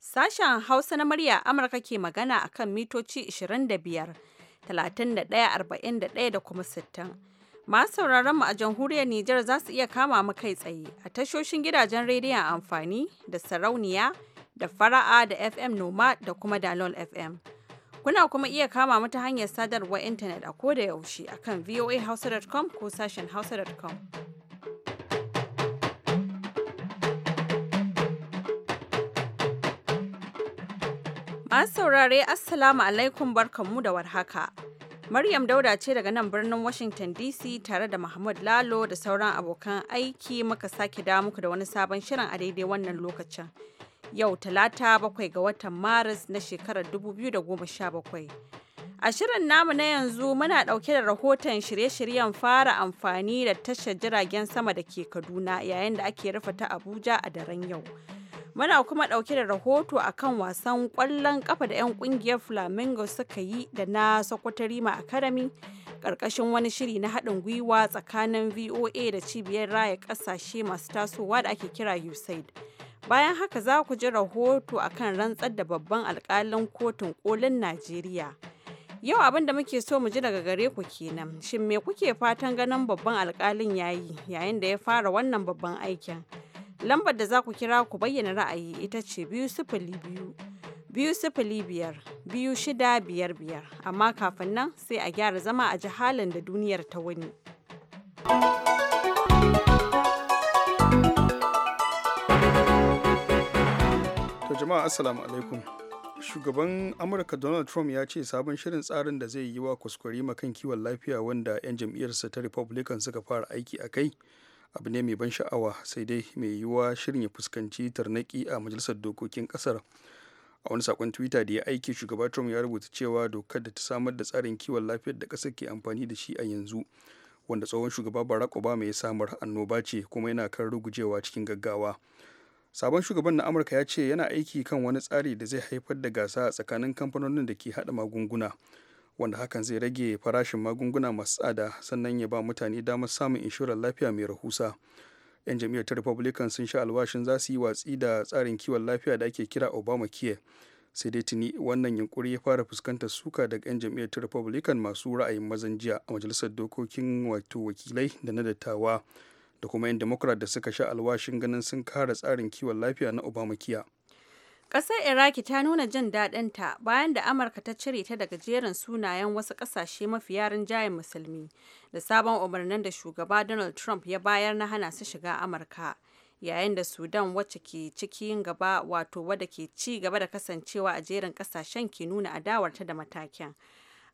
Sashen Hausa na murya Amurka ke magana a kan mitoci 25, 31, da kuma 60. Masu sauraron mu a jamhuriyar Nijar za su iya kama mu kai tsaye a tashoshin gidajen rediyon amfani da sarauniya da fara'a da FM Noma da kuma Dalol FM. Kuna kuma iya kama mu ta hanyar sadarwar intanet a koda yaushe a kan voahausa.com ko sashen hausa.com. Masu saurare Assalamu alaikum barkanmu da warhaka. Maryam Dauda ce daga nan birnin Washington DC tare da Mahmud Lalo da sauran abokan aiki muka sake da muku da wani sabon shirin a daidai wannan lokacin. yau talata bakwai ga watan maris na shekarar 2017 a shirin namu na yanzu muna dauke da rahoton shirye-shiryen fara amfani da tashar jiragen sama da ke kaduna yayin da ake rufe ta abuja a daren yau muna kuma dauke da rahoto akan wasan kwallon kafa da 'yan kungiyar flamingo suka yi da na sakwatarima academy ƙarƙashin wani shiri na haɗin gwiwa tsakanin voa da cibiyar raya ƙasashe masu tasowa da ake kira usaid Bayan haka za ku ji rahoto akan rantsar da babban alkalin kotun kolin Najeriya. Yau abin da muke so mu ji daga gare ku kenan. Shin me kuke fatan ganin babban alkalin yayi yayin da ya fara wannan babban aikin? Lambar da za ku kira ku bayyana ra'ayi ita ce biyu sifili biyu. biyu sifili biyar biyu shida biyar biyar amma kafin nan sai a gyara zama a ji halin da duniyar ta wuni. To jama'a assalamu alaikum. Shugaban Amurka Donald Trump ya ce sabon shirin tsarin da zai yi wa kuskure kan kiwon lafiya wanda 'yan jam'iyyarsa ta Republican suka fara aiki a kai abu ne mai ban sha'awa sai dai mai yiwuwa shirin ya fuskanci tarnaki a majalisar dokokin kasar. A wani sakon Twitter da ya aiki shugaba Trump ya rubuta cewa dokar da ta samar da tsarin kiwon lafiyar da kasar ke amfani da shi a yanzu wanda tsohon shugaba Barack Obama ya samar annoba ce kuma yana kan rugujewa cikin gaggawa. sabon shugaban na amurka ya ce yana aiki kan wani tsari da zai haifar da gasa a tsakanin kamfanonin da ke hada magunguna wanda hakan zai rage farashin magunguna masu tsada sannan ya ba mutane damar samun inshorar lafiya mai rahusa 'yan jam'iyyar ta republican sun sha alwashin za su yi watsi da tsarin kiwon lafiya da ake kira obama obamacare sai dai tuni wannan yunkuri ya fara fuskantar suka daga 'yan jam'iyyar ta republican masu ra'ayin mazan jiya a majalisar dokokin wato wakilai da na dattawa da kuma 'yan democrat da suka sha alwashin ganin sun kare tsarin kiwon lafiya na obamakiya ƙasar iraki ta nuna jin daɗinta bayan da amurka ta cire ta daga jerin sunayen wasu ƙasashe mafi yarin jayin musulmi da sabon umarnin da shugaba donald trump ya bayar na hana su shiga amurka yayin da sudan wacce ke cikin gaba wato wadda ke ci gaba da kasancewa a jerin ƙasashen ke nuna adawarta da matakin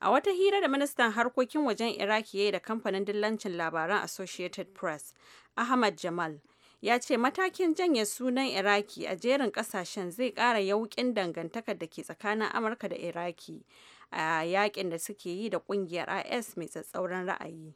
A wata hira da ministan harkokin wajen Iraki ya yi da kamfanin dillancin labaran Associated Press, Ahmad Jamal, ya ce matakin janye sunan Iraki a jerin kasashen zai kara yauƙin dangantakar da ke tsakanin Amurka da Iraki a yakin da suke yi da kungiyar IS mai tsatsauran ra'ayi.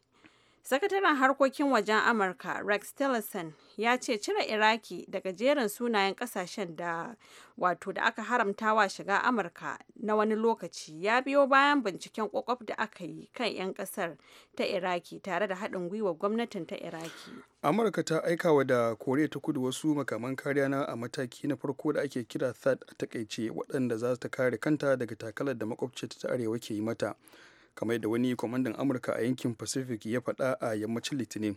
Sakataren harkokin wajen Amurka Rex Tillerson ya ce cire Iraki daga jerin sunayen kasashen da wato da aka haramta wa shiga Amurka na wani lokaci ya biyo bayan binciken kwakwaf da aka yi kan 'yan kasar ta Iraki tare da haɗin gwiwa gwamnatin ta Iraki. Amurka ta aika wa da Koriya ta kudu wasu makaman kariya na a mataki na farko da ake kira THAAD a takaice waɗanda za ta kare kanta daga takalar da makwabcinta ta arewa ke yi mata. kamar da wani kwamandan amurka a yankin pacific ya faɗa a yammacin litinin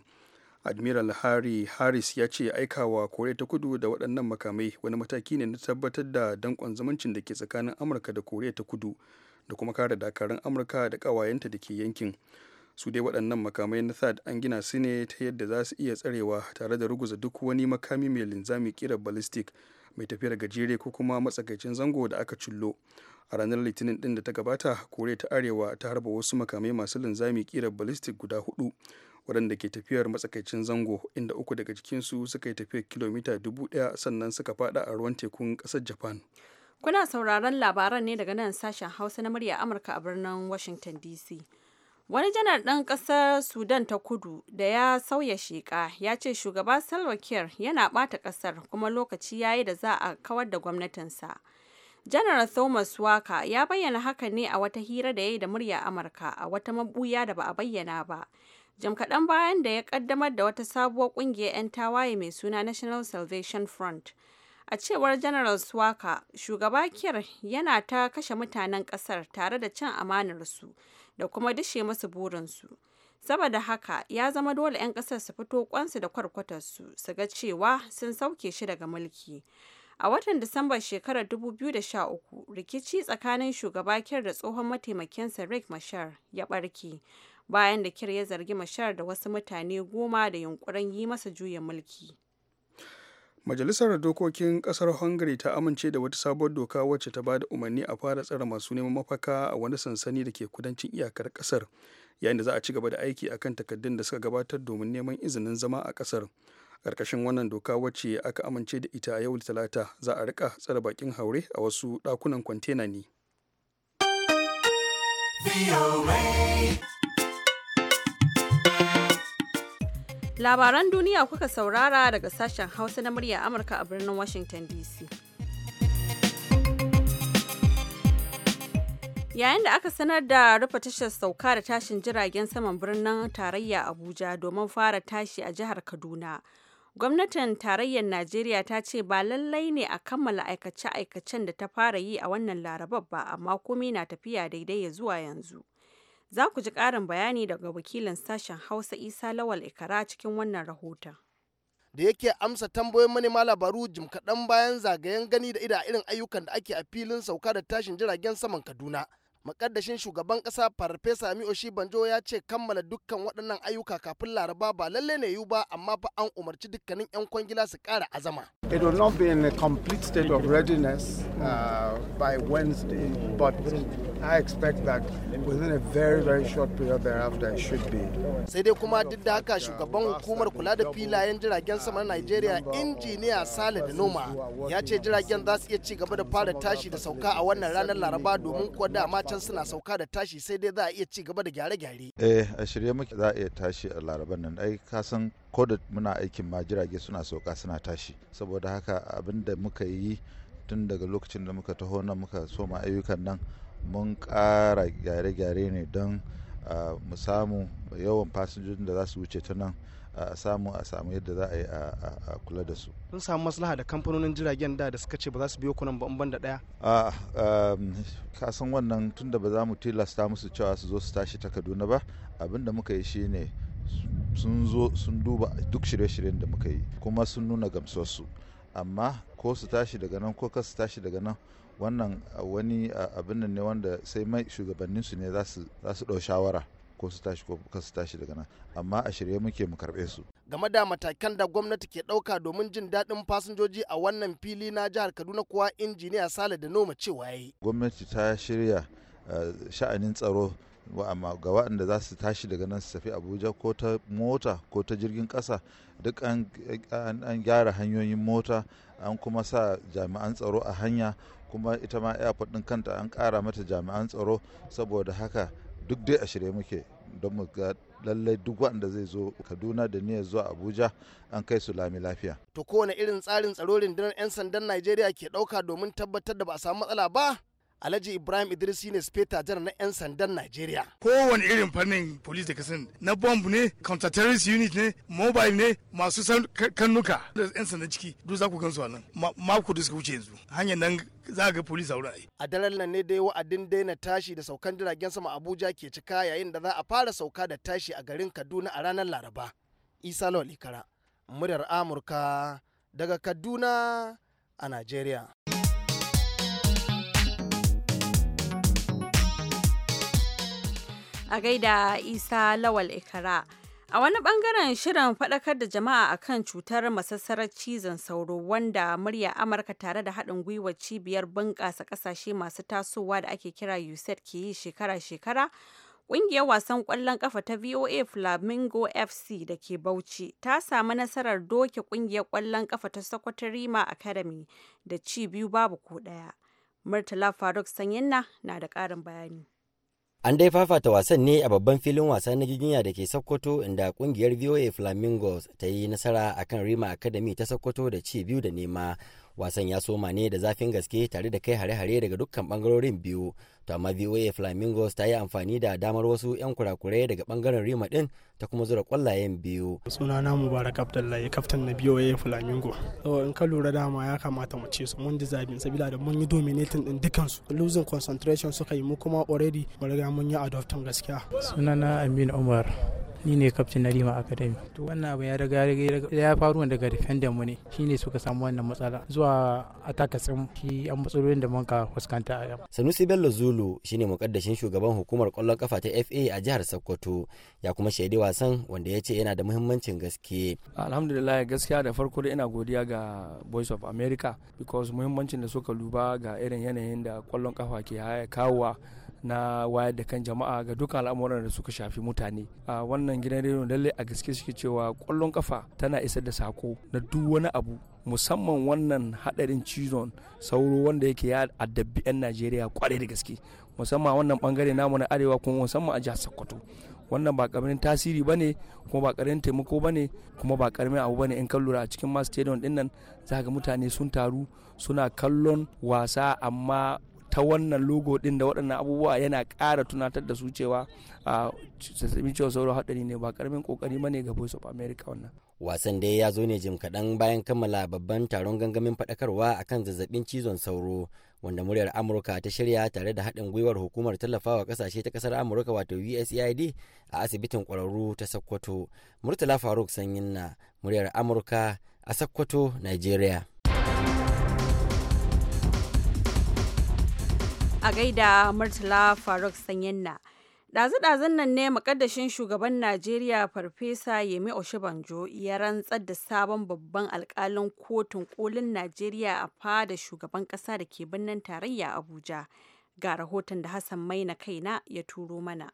admiral harry harris ya ce aikawa koriya ta kudu da waɗannan makamai wani mataki ne na tabbatar da dankon zumuncin da ke tsakanin amurka da koriya ta kudu da kuma kare dakarun amurka da ƙawayenta da ke yankin su dai waɗannan makamai na third an gina su ne ta yadda za su iya tsarewa tare da ruguza duk wani makami mai linzami kira ballistic mai tafiyar gajere ko kuma matsakaicin zango da aka cullo a ranar litinin din da ta gabata koriya ta arewa ta harba wasu makamai masu linzami kira ballistic guda hudu waɗanda ke tafiyar matsakaicin zango inda uku daga cikinsu suka yi tafiyar kilomita dubu ɗaya sannan suka fada a ruwan tekun ƙasar japan kuna sauraron labaran ne daga nan sashen hausa na murya amurka a birnin washington dc wani janar ɗan ƙasar sudan ta kudu da ya sauya sheka ya ce shugaba salwa yana ɓata ƙasar kuma lokaci yayi da za a kawar da gwamnatinsa. Janar Thomas waka ya bayyana hakan ne a wata hira da ya yi da murya Amurka a wata mabuya da ba a bayyana ba. Jim kaɗan bayan da ya ƙaddamar da wata sabuwar ƙungiyar 'yan tawaye mai suna National Salvation Front. A cewar General Swaka, shugaba Kir yana ta kashe mutanen ƙasar tare da cin amanarsu da kuma dishe musu burinsu. Saboda haka, ya zama dole 'yan ƙasar su fito kwansu da kwarkwatarsu su ga cewa sun sauke shi daga mulki. A watan Disambar shekarar 2013, rikici tsakanin shugaba Kir da tsohon mataimakinsa Riek mashar ya barke bayan da Kir ya zargi mashar da wasu mutane goma da yunkurin yi masa juyin mulki. Majalisar Dokokin Kasar Hungary ta amince da wata sabuwar doka wacce ta ba da umarni a fara tsare masu neman mafaka a wani sansani da ke kudancin iyakar kasar, yayin da za a ci gaba da aiki a kan takaddun da suka gabatar domin neman izinin zama a kasar. karkashin wannan doka wacce aka amince da ita a yau talata za a rika tsare bakin haure a wasu dakunan kwantena ne labaran duniya kuka saurara daga sashen hausa na murya amurka a birnin washington dc yayin da aka sanar da rufe tashar sauka da tashin jiragen saman birnin tarayya abuja domin fara tashi a jihar kaduna Gwamnatin tarayyar Najeriya ta ce ba lallai ne a kammala aikace-aikacen da ta fara yi a wannan Larabar ba, amma komai na tafiya daidai ya zuwa yanzu. Za ku ji ƙarin bayani daga wakilin sashen Hausa Isa Lawal Ikara cikin wannan rahoton. da yake amsa tambayoyin manema labaru jim kaɗan bayan zagayen gani da ida irin ayyukan da ake a filin sauka da tashin jiragen saman kaduna makaddashin shugaban kasa farfesa mi shi banjo ya ce kammala dukkan waɗannan ayyuka kafin laraba ba lalle ne yiwu ba amma fa an umarci dukkanin 'yan kwangila su kara azama it will not be in a complete state of readiness uh, by wednesday but I expect that within a very very short period thereafter it should be. Sai dai kuma duk da haka shugaban hukumar kula da filayen jiragen sama na nigeria injiniya Sale da Noma ya ce jiragen za su iya ci gaba da fara tashi da sauka a wannan ranar Laraba domin kuwa dama can suna sauka da tashi sai dai za a iya ci gaba da gyare-gyare. Eh a shirye muke za a iya tashi a Laraban nan ai ka san ko da muna aikin ma jirage suna sauka suna tashi saboda haka abin da muka yi tun daga lokacin da muka taho nan muka soma ayyukan nan mun ƙara gyare-gyare ne don mu samu yawan fasinjojin da za su wuce ta nan a samu a samu yadda za a yi a kula da su. Sun samu maslaha da kamfanonin jiragen da da suka ce ba za su biyo kunan ba ban da ɗaya? Ka san wannan tun da ba za mu tilasta musu cewa su zo su tashi ta Kaduna ba abin da muka yi shi ne sun zo sun duba duk shirye-shiryen da muka yi kuma sun nuna gamsuwarsu amma ko su tashi daga nan ko ka su tashi daga nan wannan wani abin nan ne wanda sai mai shugabannin su ne za su ɗau shawara ko su tashi ko su tashi daga nan amma a shirye muke mu karɓe su game da matakan da gwamnati ke ɗauka domin jin daɗin fasinjoji a wannan fili na jihar kaduna kuwa injiniya sale da noma cewa yayi gwamnati ta shirya sha'anin tsaro amma ga waɗanda za su tashi daga nan su tafi abuja ko ta mota ko ta jirgin ƙasa duk an gyara hanyoyin mota an kuma sa jami'an tsaro a hanya kuma ita ma ya faɗin kanta an kara mata jami'an tsaro saboda haka duk dai a shirye muke don mu ga lallai duk wanda zai zo kaduna da niyyar zuwa abuja an kai su lami lafiya. to kowane irin tsarin tsaro rundunar 'yan sandan najeriya ke ɗauka domin tabbatar da ba a samu matsala ba Alhaji Ibrahim Idris ne speta jana na 'yan sandan Najeriya. Kowane irin fannin police da kasan na bomb ne, counter terrorist unit ne, mobile ne, masu kannuka da 'yan sandan ciki duk za ku gansu a nan. Mako da suka wuce yanzu. Hanyar nan za ga police a wurin A daren nan ne dai wa'adin daina tashi da saukan jiragen sama Abuja ke cika yayin da za a fara sauka da tashi a garin Kaduna a ranar Laraba. Isa Lawal Ikara, muryar Amurka daga Kaduna a Najeriya. a gaida isa lawal ikara a wani bangaren shirin faɗakar da jama'a a kan cutar masassarar cizon sauro wanda murya amurka tare da haɗin gwiwar cibiyar bunƙasa ƙasashe masu tasowa da ake kira usaid ke yi shekara-shekara Ƙungiyar wasan ƙwallon ƙafa ta VOA Flamingo FC da ke Bauchi ta samu nasarar doke ƙungiyar ƙwallon ƙafa ta Sokoto Academy da ci biyu babu ko ɗaya. Murtala Faruk Sanyinna na da ƙarin bayani. an dai fafata wasan ne a babban filin wasa na giginya da ke sokoto inda kungiyar voa flamingos ta yi nasara a kan rima academy ta sokoto da ci biyu da nema wasan ya soma ne da zafin gaske tare da kai hare-hare daga dukkan bangarorin biyu to amma voa flamingos ta yi amfani da damar wasu 'yan kurakurai daga bangaren rima din ta kuma zura kwallayen biyu sunana mubarak abdullahi kaftan na voa flamingo in ka lura dama ya kamata mu ce su mun ji zabin sabila da mun yi dominating din su losing concentration suka yi mu kuma already mu riga mun yi adoption gaskiya sunana amin umar ni ne kaftin na rima academy to wannan abu ya riga ya faru daga defender mu ne shine suka samu wannan matsala zuwa attackers shi an matsalolin da mun ka fuskanta a yau sanusi bello zuru lulu shine mukaddashin shugaban hukumar kwallon kafa ta fa a jihar sokoto ya kuma shaidi wasan wanda ya ce yana da muhimmancin gaske alhamdulillah gaskiya da farko da ina godiya ga voice of america because muhimmancin da suka luba ga irin yanayin da kwallon kafa ke kawowa na wayar da kan jama'a ga dukkan al'amuran da suka shafi mutane a wannan gidan rediyo lalle a gaske suke cewa kwallon kafa tana isar da sako na duk wani abu musamman wannan hadarin cizon sauro wanda yake ya addabi 'yan najeriya kwarai da gaske musamman wannan bangare namu na arewa kuma musamman a jihar sokoto wannan ba karamin tasiri bane kuma ba karamin taimako bane kuma ba karamin abu bane in kallura a cikin mass stadium din nan ga mutane sun taru suna kallon wasa amma ta wannan logo din da waɗannan abubuwa yana ƙara tunatar da su cewa zazzabin cewa sauran haɗari ne ba ƙaramin ƙoƙari ba ne ga voice of america wannan wasan dai ya zo ne jim kaɗan bayan kammala babban taron gangamin faɗakarwa a kan zazzabin cizon sauro wanda muryar amurka ta shirya tare da haɗin gwiwar hukumar tallafawa ƙasashe ta ƙasar amurka wato usaid a asibitin ƙwararru ta sokoto murtala faruk sanyin na muryar amurka a sokoto nigeria a gaida Murtala Faruk Sanyenna. Ɗazu-ɗazun nan ne makaddashin shugaban Najeriya Farfesa Yemi Oshibanjo ya rantsar da sabon babban alkalin kotun kolin Najeriya a fada shugaban ƙasa da ke birnin tarayya Abuja. Ga rahoton da Hassan Maina kaina ya turo mana.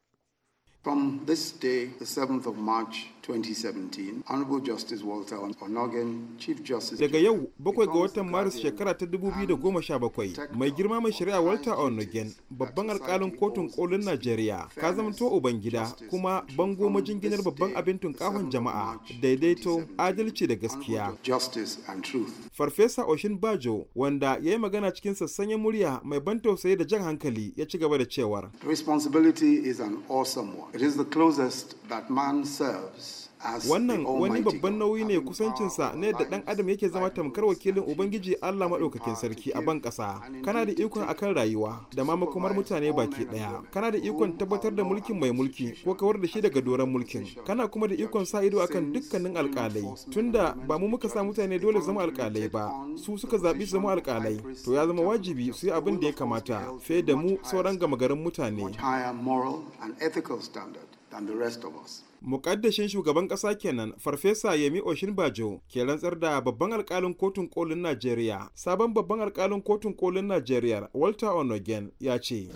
From this day, the 7th of March 2017, Honorable Justice Walter Onogen, Chief Justice. Daga yau, bakwai ga watan Maris shekara ta 2017, mai girma mai shari'a Walter Onogen, babban alkalin kotun kolin Najeriya, ka zamanto ubangida kuma bango majinginar babban abin tunkahon jama'a, daidaito, adalci da gaskiya. Justice and truth. farfesa oshin bajo wanda ya yi magana cikin sassanyen murya mai ban tausayi da jan hankali ya ci gaba da cewar responsibility is an awesome one it is the closest that man serves wannan wani babban nauyi ne kusancinsa ne da dan adam yake zama tamkar wakilin ubangiji allah maɗaukakin sarki a ban ƙasa kana da ikon akan rayuwa da ma makomar mutane baki ɗaya kana da ikon tabbatar da mulkin mai mulki ko kawar da shi daga doron mulkin kana kuma da ikon sa ido akan dukkanin alƙalai tunda ba mu muka sa mutane dole zama alƙalai ba su suka zaɓi su zama alƙalai to ya zama wajibi su yi abin da ya kamata fiye da mu sauran gama garin mutane than the rest of mukaddashin shugaban kasa kenan farfesa yemi oshin bajo ke rantsar da babban alkalin kotun kolin najeriya sabon babban alkalin kotun kolin najeriya walter onogen ya ce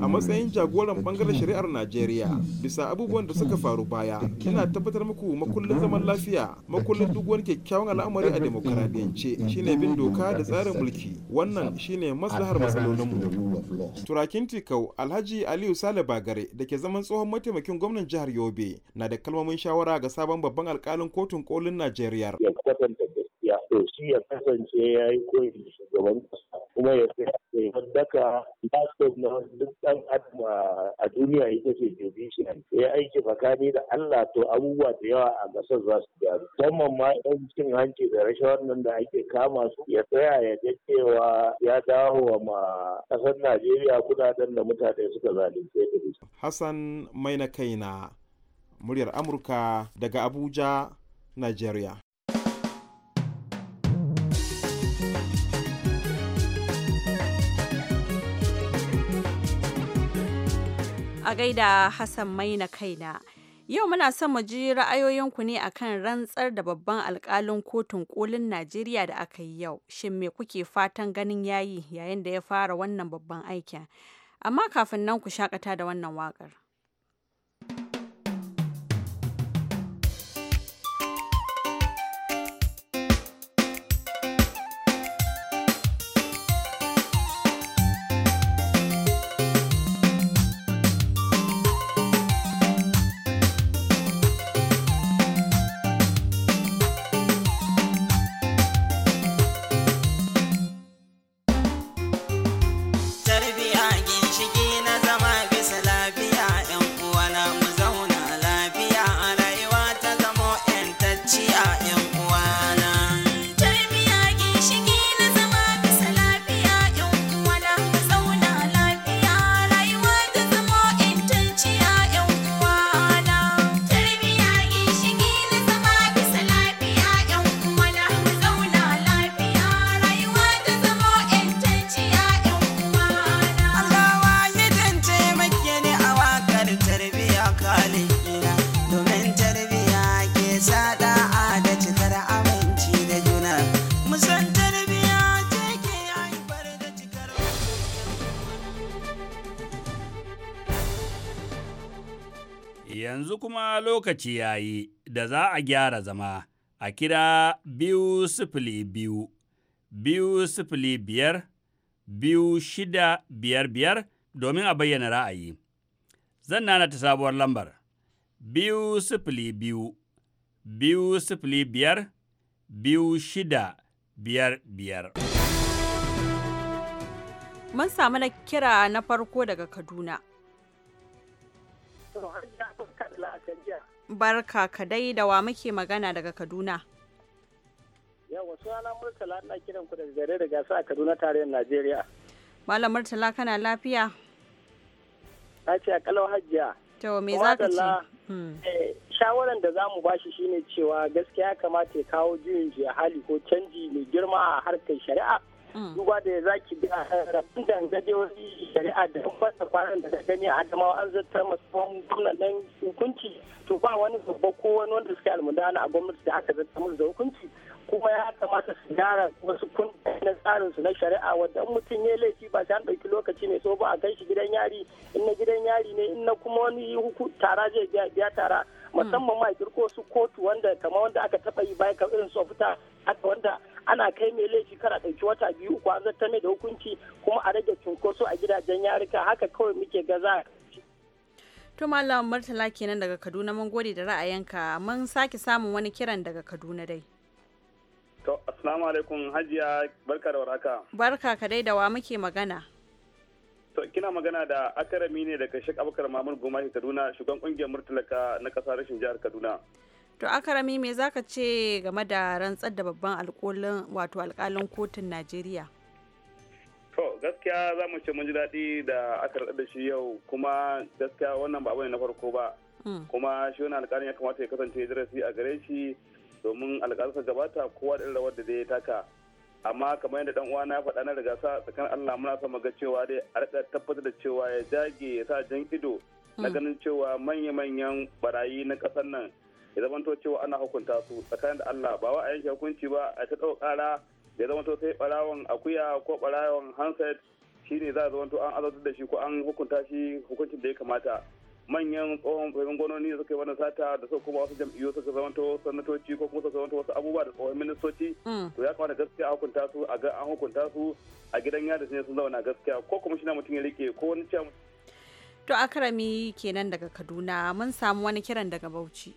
a matsayin jagoran bangaren shari'ar najeriya bisa abubuwan da suka faru baya yana tabbatar muku makullin zaman lafiya makullin duk wani kyakkyawan al'amari a demokaradiyance shine bin doka da tsarin mulki wannan shine maslahar matsalolinmu turakin tikau alhaji aliyu sale bagare da ke zaman tsohon mataimakin gwamnan jihar Yobe na da kalmomin shawara ga sabon babban alkalin kotun kolin Najeriya. gaskiya to shi ya kasance ya yi koyi shugaban ƙasa, kuma ya sai ya daka laptop na duk dan adam a duniya ita ce judiciary ya aiki fakani da Allah to abubuwa da yawa a gasar za su gyaru musamman ma yan cin hanci da rashawar nan da ake kama su ya tsaya ya ga cewa ya dawo ma kasar Najeriya kudaden da mutane suka zalunce da Hassan Maina Kaina muryar Amurka daga Abuja Nigeria. a gaida Hassan Maina kaina. Yau muna son mu ji ra'ayoyinku ne akan rantsar da babban alkalin kotun kolin Najeriya da aka yi yau. Shin me kuke fatan ganin yayi yayin da ya fara wannan babban aikin? Amma kafin nan ku shakata da wannan waƙar. lokaci ya yi da za a gyara zama a kira biyu sifili biyu, biyu sifili biyar, biyu shida biyar biyar domin a bayyana ra'ayi. Zan nana ta sabuwar lambar, biyu sifili biyu, biyu sifili biyar, biyu shida biyar biyar. Mun samu na kira na farko daga Kaduna. Barka ka dai da wa muke magana daga Kaduna. Yawa sunana Murtala ina kiran ku daga gare daga gasa a Kaduna tarayyar Najeriya. Malam Murtala kana lafiya? na ce a kalau hajjiya. To me za ka ce? Hmm. Eh, shawaran da za mu bashi shine cewa gaskiya kamata ya kawo juyin hali ko canji mai girma a harkar shari'a. Mm. duba da za ki ga eh, rabin da gaje shari'a da kwasa kwanan da gani a adamawa an zartar musamman gwamnan nan hukunci to ba wani babba ko wani wanda suke almudana a gwamnati da aka zartar musu da hukunci kuma ya kamata su gyara wasu kundin tsarin su na shari'a wanda mutum ya laifi ba sai an ɗauki lokaci mai so ba a kai shi gidan yari in na gidan yari ne in na kuma wani huku tara zai biya biya tara musamman ma kirko su kotu wanda kamar wanda aka taba yi baya kamar irin su fita haka wanda ana kai mai laifi kara ɗauki wata biyu uku an zartar mai da hukunci kuma a rage cunkoso a gidajen yarika haka kawai muke gaza To Malam martala kenan daga Kaduna mun gode da ra'ayinka mun sake samun wani kiran daga Kaduna dai. To, assalamu alaikum hajiya barka da warhaka. Barka ka dai da wa muke magana. To, kina magana da akarami ne daga Sheikh Abubakar Mamun Gumashi Kaduna, shugaban kungiyar Murtalaka na kasar rashin jihar Kaduna. To, akarami me za ka ce game da rantsar da babban alkolin wato alkalin kotun Najeriya? To, gaskiya za mu ce mun ji daɗi da aka rantsar da shi yau kuma gaskiya wannan ba abu ne na farko ba. Hmm. Kuma shi wani alkalin ya kamata ya kasance darasi a gare shi domin alƙalansa gabata kowa da rawar da zai taka amma kamar yadda dan uwana ya faɗa na riga sa tsakanin Allah muna son ga cewa dai a rika tabbatar da cewa ya jage ya sa jan ido na mm. ganin cewa manya-manyan barayi na ƙasar nan ya to cewa ana hukunta su tsakanin da Allah ba wa a yanke hukunci ba a ta ɗau ƙara ya zamanto sai ɓarawon akuya ko ɓarawon handset shine za a zama to an azabtar da shi ko an hukunta shi hukuncin da ya kamata manyan tsohon gwamnoni da suka yi wani sata da suka kuma wasu jam'iyyu suka zamanto sanatoci ko kuma suka zamanto wasu abubuwa da tsohon ministoci mm. to ya kamata gaskiya a hukunta su a ga an hukunta su a gidan yada ne sun zauna gaskiya ko kuma shi na mutum ya rike ko wani cewa. to a karami kenan daga kaduna mun samu wani kiran daga bauchi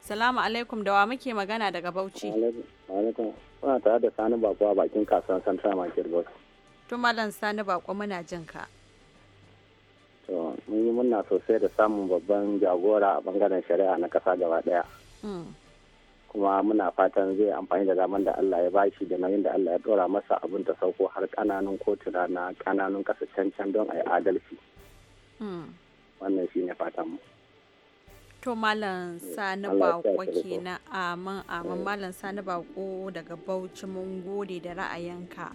salamu alaikum da wa muke magana daga bauchi alaikum ana tare da sani bakuwa bakin kasuwan central market bauchi To Malam Sani Bako muna jin ka. To mun yi murna sosai da samun babban jagora a bangaren shari'a na kasa gaba daya. Hmm. Kuma muna fatan zai amfani da zaman da Allah ya bashi da nauyin da Allah ya dora masa abin ta sauko har kananun kotuna na kananan kasa can don a yi adalci. Hmm. Wannan shi ne fatan mu. to malam eh, sani bako kenan amin amin eh. malam sani bako daga bauchi mun gode da ra'ayinka.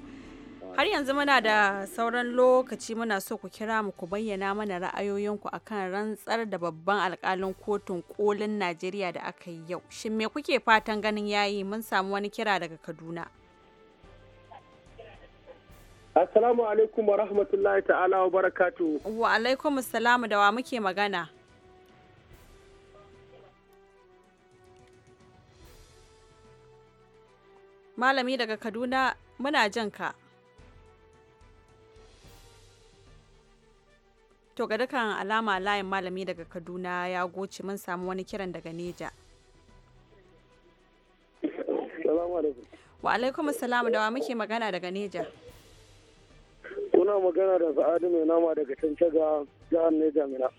Har yanzu muna da sauran lokaci muna so ku kira mu ku bayyana mana ra'ayoyinku akan rantsar da babban alkalin kotun kolin Najeriya da aka yi yau. Shin me kuke fatan ganin yayi mun samu wani kira daga Kaduna? Assalamu alaikum wa rahmatullahi ta'ala wa barakatu. Wa alaikum assalamu da wa muke magana. Malami daga Kaduna muna jan ka. To ga dukkan alama layin malami daga Kaduna ya goce mun samu wani kiran daga Neja. Wa alaikum salam da wa muke magana daga Neja. Kuna magana da Sa'adu mai nama daga ga jihar Neja Mina.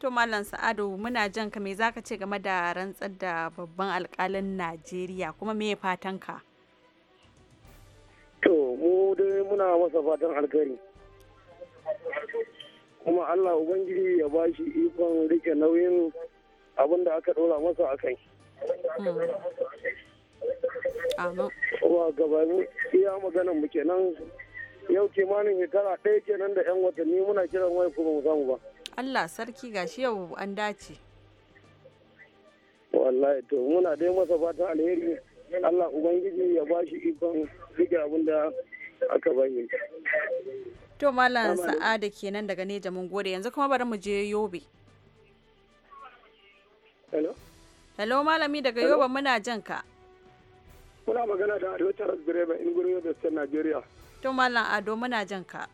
To Mallam Sa'adu muna jan ka me zaka ce game da rantsar da babban alkalin Najeriya kuma me fatan ka? To mu dai muna masa fatan alkari. kuma Allah Ubangiji ya ba shi ikon rike nauyin abin da aka ɗora masa a kai. Hmm. Wa gabanin iya maganan muke nan yau kimanin shekara ɗaya kenan da 'yan watanni muna kiran wai kuma mu ba. Allah sarki gashi yau an dace. Wallahi to muna dai masa fatan alheri Allah Ubangiji ya ba shi ikon rike abin da aka bayyana. to malam sa'ada kenan daga neja mun gode yanzu kuma bari mu je yobe hello hello malami daga yobe muna jan ka muna magana da ado taras direba in gurin yobe state nigeria to malam ado muna jan ka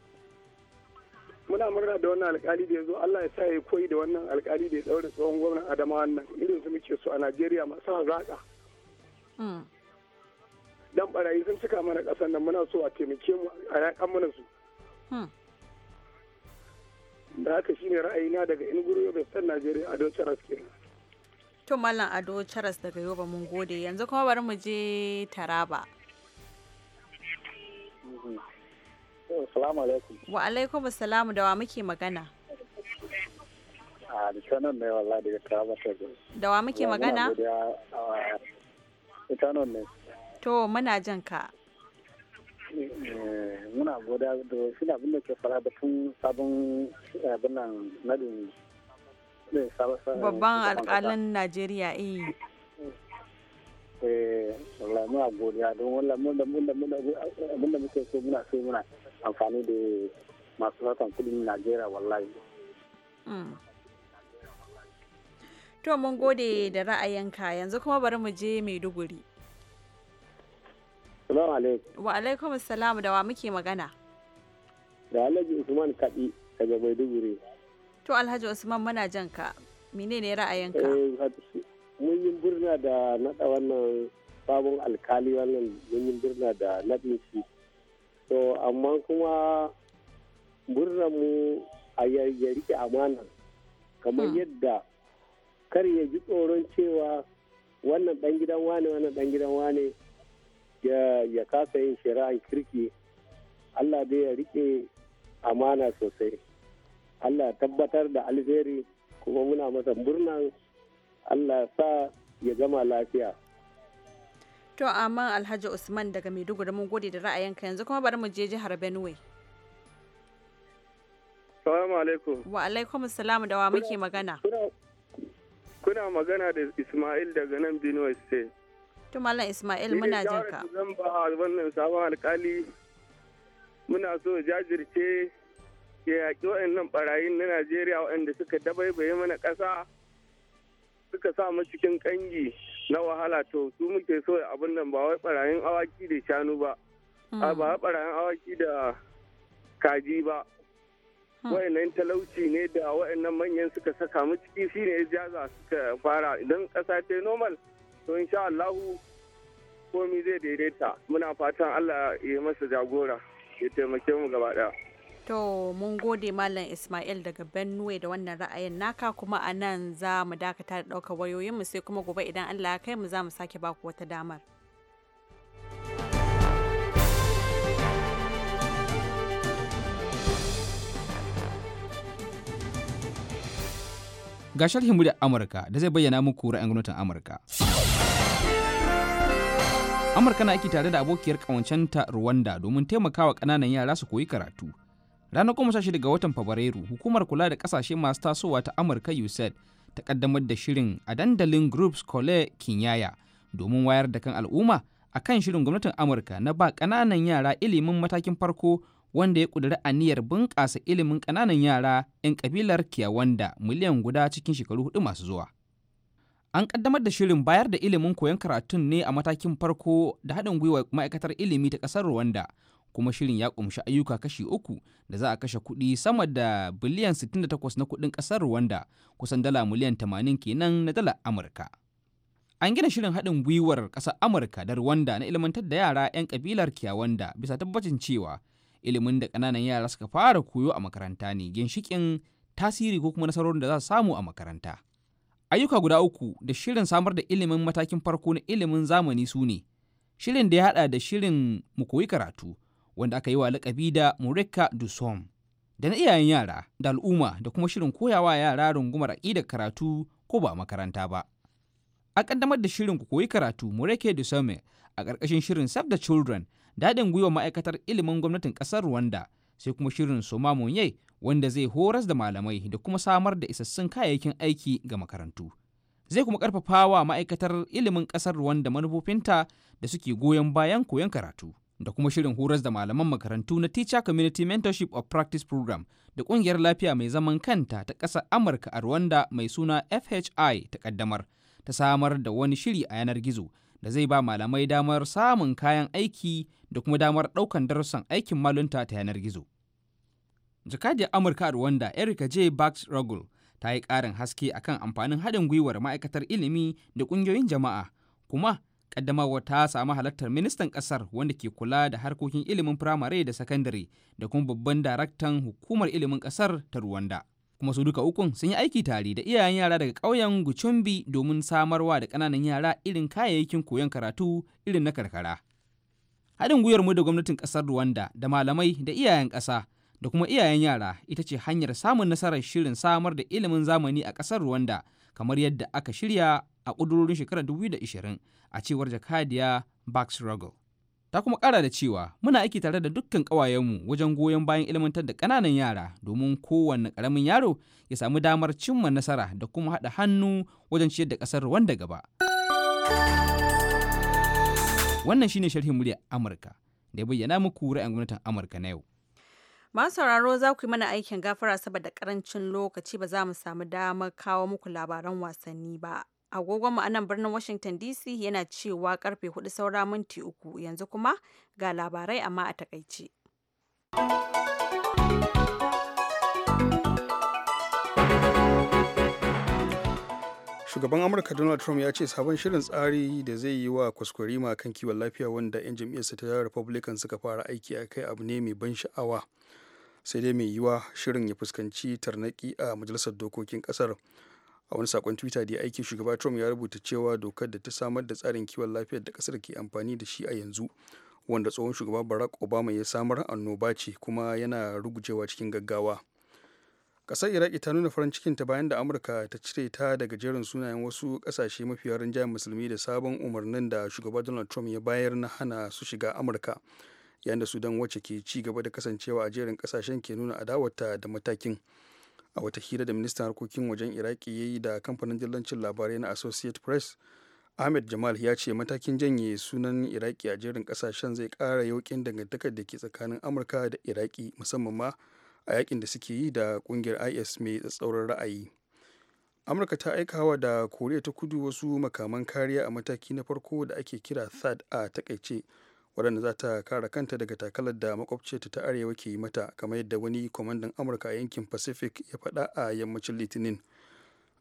muna murna da wannan alkali da ya zo Allah ya sa ya koyi da wannan alkali da ya daure tsohon gwamnan Adama wannan irin su muke so a Najeriya masu hazaƙa. Hmm. Dan barayi sun cika mana ƙasar nan muna so a taimake mu a yakan mana su. Hmm. da haka shi ne ra'ayina daga inguru yobe san najeriya ado charas ke to mallam ado charas daga yoba mun gode yanzu kuma bari mu je taraba Wa alaikum assalamu da wa muke magana. Ah, da wa muke magana? Ah, to muna jin ka. Eh, muna goda da shi da abin da ke fara da batun sabon eh, abin nan nadin eh, babban alkalin najeriya eh eh muna godiya don wallah mun da mun da mun da abin da muke so muna so muna amfani da masu ratan kudin najeriya wallahi mm. to mun gode da ra'ayinka yanzu kuma bari mu je maiduguri Salamu alaikum. Wa alaikum salam da wa muke magana. Da Alhaji Usman Kaɗi daga Maiduguri. To Alhaji Usman muna jan ka. menene ne ra'ayinka? Eh, mun yi birna da naɗa wannan sabon alkali wannan mun yi birna da naɗin shi. To amma kuma birnan mu a ya rike amana kamar hmm. yadda kar ya ji tsoron cewa wannan ɗan gidan wane wannan ɗan gidan wane. ya kasa yin shari'an kirki allah dai ya rike amana sosai allah tabbatar da alheri kuma muna masa murnan allah sa ya gama lafiya to amma alhaji usman daga maiduguri mun gode da ra'ayinka yanzu kuma bari mu je jihar benue Salamu alaikum. Wa alaikum salamu da wa muke magana. Kuna magana da Ismail daga nan Benue State. to Malam Ismail muna jin ka. Zan ba wannan sabon alkali muna so jajirce ya yaƙi waɗannan barayin na Najeriya waɗanda suka dabaibaye mana ƙasa suka sa mu cikin ƙangi na wahala to su muke so abin nan ba wai barayin awaki da shanu ba. Hmm. Ba barayin awaki da kaji ba. Hmm. wayannan talauci ne da wayannan manyan suka saka mu ciki shine ya jaza suka fara idan ƙasa ta normal to insha Allahu komi zai daidaita muna fatan Allah ya yi masa jagora ya taimake mu gaba daya To mun gode Malam Ismail daga Benue da wannan ra'ayin naka kuma a nan za mu dakata da ɗaukar wayoyinmu sai kuma gobe idan Allah ya kai mu za mu sake baku wata damar. Ga sharhin da Amurka da zai bayyana muku ra'ayin gwamnatin Amurka. amurka na aiki tare da abokiyar kawancenta rwanda domin taimakawa kananan yara su koyi karatu ranar goma sha shida ga watan fabrairu hukumar kula da kasashe masu tasowa ta amurka usaid ta kaddamar da shirin a dandalin groups kole kinyaya domin wayar da kan al'umma a kan shirin gwamnatin amurka na ba kananan yara ilimin matakin farko wanda ya kudura aniyar bunƙasa ilimin kananan yara 'yan kabilar kiyawanda miliyan guda cikin shekaru hudu masu zuwa An kaddamar da shirin bayar da ilimin koyon karatun ne a matakin farko da haɗin gwiwa ma'aikatar ilimi ta ƙasar Rwanda, kuma shirin ya ƙumshi ayyuka kashi uku da za a kashe kuɗi sama da biliyan 68 na kuɗin ƙasar Rwanda, kusan dala miliyan 80 kenan na dala Amurka. An gina shirin haɗin gwiwar ƙasar Amurka da Rwanda na ilimantar da yara 'yan ƙabilar Kiyawanda bisa tabbacin cewa ilimin da ƙananan yara suka fara koyo a makaranta ne ginshikin tasiri ko kuma nasarorin da za su samu a makaranta. ayyuka guda uku da shirin samar da ilimin matakin farko na ilimin zamani su ne shirin da ya haɗa da shirin mu koyi karatu wanda aka yi wa lakabi da murika dusom da na iyayen yara da al'umma da kuma shirin koyawa yara rungumar aƙidar karatu ko ba makaranta ba a ƙaddamar da shirin ku koyi karatu mureke Dusom a ƙarƙashin shirin save the children daɗin gwiwa ma'aikatar ilimin gwamnatin ƙasar rwanda sai kuma shirin soma monye wanda zai horas da malamai da kuma samar da isassun kayayyakin aiki ga makarantu zai kuma karfafa wa ma'aikatar ilimin ƙasar Rwanda manufofinta da suke goyon bayan koyon karatu da kuma shirin horas da malaman makarantu na Teacher Community Mentorship of Practice Program da ƙungiyar lafiya mai zaman kanta ta ƙasar Amurka a Rwanda mai suna FHI ta ƙaddamar ta samar da wani shiri a yanar gizo da zai ba malamai damar samun kayan aiki da kuma damar ɗaukan darussan aikin malunta ta yanar gizo. jakadiyar amurka a rwanda erika j bax ruggle ta yi karin haske akan amfanin haɗin gwiwar ma'aikatar ilimi da ƙungiyoyin jama'a kuma ƙaddamarwa ta samu halartar ministan ƙasar wanda ke kula da harkokin ilimin firamare da sakandare da kuma babban daraktan hukumar ilimin ƙasar ta ruwanda kuma su duka ukun sun yi aiki tare da iyayen yara daga ƙauyen gucumbi domin samarwa da ƙananan yara irin kayayyakin koyon karatu irin na karkara haɗin gwiwar mu da gwamnatin ƙasar ruwanda da malamai da iyayen ƙasa da kuma iyayen yara ita ce hanyar samun nasarar shirin samar da ilimin zamani a ƙasar Rwanda kamar yadda aka shirya a ƙudurorin shekarar 2020 a cewar jakadiya Bax Ruggle. Ta kuma ƙara da cewa muna aiki tare da dukkan ƙawayenmu wajen goyon bayan ilmantar da ƙananan yara domin kowanne ƙaramin yaro ya samu damar cimma nasara da kuma haɗa hannu wajen ciyar da ƙasar Rwanda gaba. Wannan shi ne sharhin murya Amurka da ya bayyana muku ra'ayin gwamnatin Amurka na yau. Masu sauraro za ku yi mana aikin gafara saboda karancin lokaci ba za mu samu damar kawo muku labaran wasanni ba. Agogon mu anan birnin Washington DC yana cewa karfe 4 saura minti uku yanzu kuma ga labarai amma a takaice. shugaban amurka donald trump ya ce sabon shirin tsari da zai yi wa kwaskwarima kan kiwon lafiya wanda 'yan jam'iyyarsa ta republican suka fara aiki a kai abu ne mai ban sha'awa sai dai mai yiwa shirin ya fuskanci tarnaki a majalisar dokokin ƙasar a wani sakon twitter da ya aiki shugaba trump ya rubuta cewa dokar da ta samar da tsarin kiwon lafiyar da kasar ke amfani da shi a yanzu wanda tsohon shugaba barack obama ya samar annoba ce kuma yana rugujewa cikin gaggawa kasar iraki ta nuna farin cikinta bayan da amurka ta cire ta daga jerin sunayen wasu kasashe yawan rinjayen musulmi da sabon umarnin da shugaba donald trump ya bayar na hana su shiga amurka yayin da sudan wacce ke ci gaba da kasancewa a jerin kasashen ke nuna adawarta da matakin a wata hira da ministan harkokin wajen iraki ya yi da kamfanin dillancin labarai na associate press ahmed jamal ya ce matakin janye sunan iraki a jerin kasashen zai kara yaukin dangantakar da ke tsakanin amurka da iraki musamman ma a yakin da suke yi da kungiyar is mai tsatsauran ra'ayi amurka ta aikawa da koriya ta kudu wasu makaman kariya a mataki na farko da ake kira thad a takaice waɗanda za ta kare kanta daga takalar da makwabcinta ta arewa ke yi mata kamar yadda wani kwamandan amurka a yankin pacific ya faɗa a yammacin litinin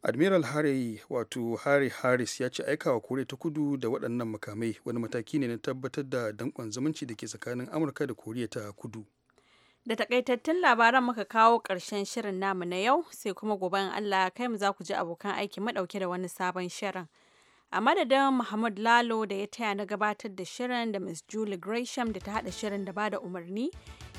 admiral harry wato harry harris ya ce wa kore ta kudu da waɗannan makamai wani mataki ne na tabbatar da danƙon zumunci da ke tsakanin amurka da koriya ta kudu da takaitattun labaran muka kawo ƙarshen shirin namu na yau sai kuma gobe in allah kai mu za ku ji abokan aiki madauke da wani sabon shirin a madadin Muhammad Lalo da ya taya na gabatar da shirin da ms Julie Gresham da ta hada shirin da ba da umarni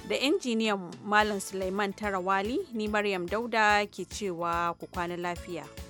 da injiniyan Malam Suleiman Tarawali ni Maryam Dauda ke cewa ku kwana lafiya.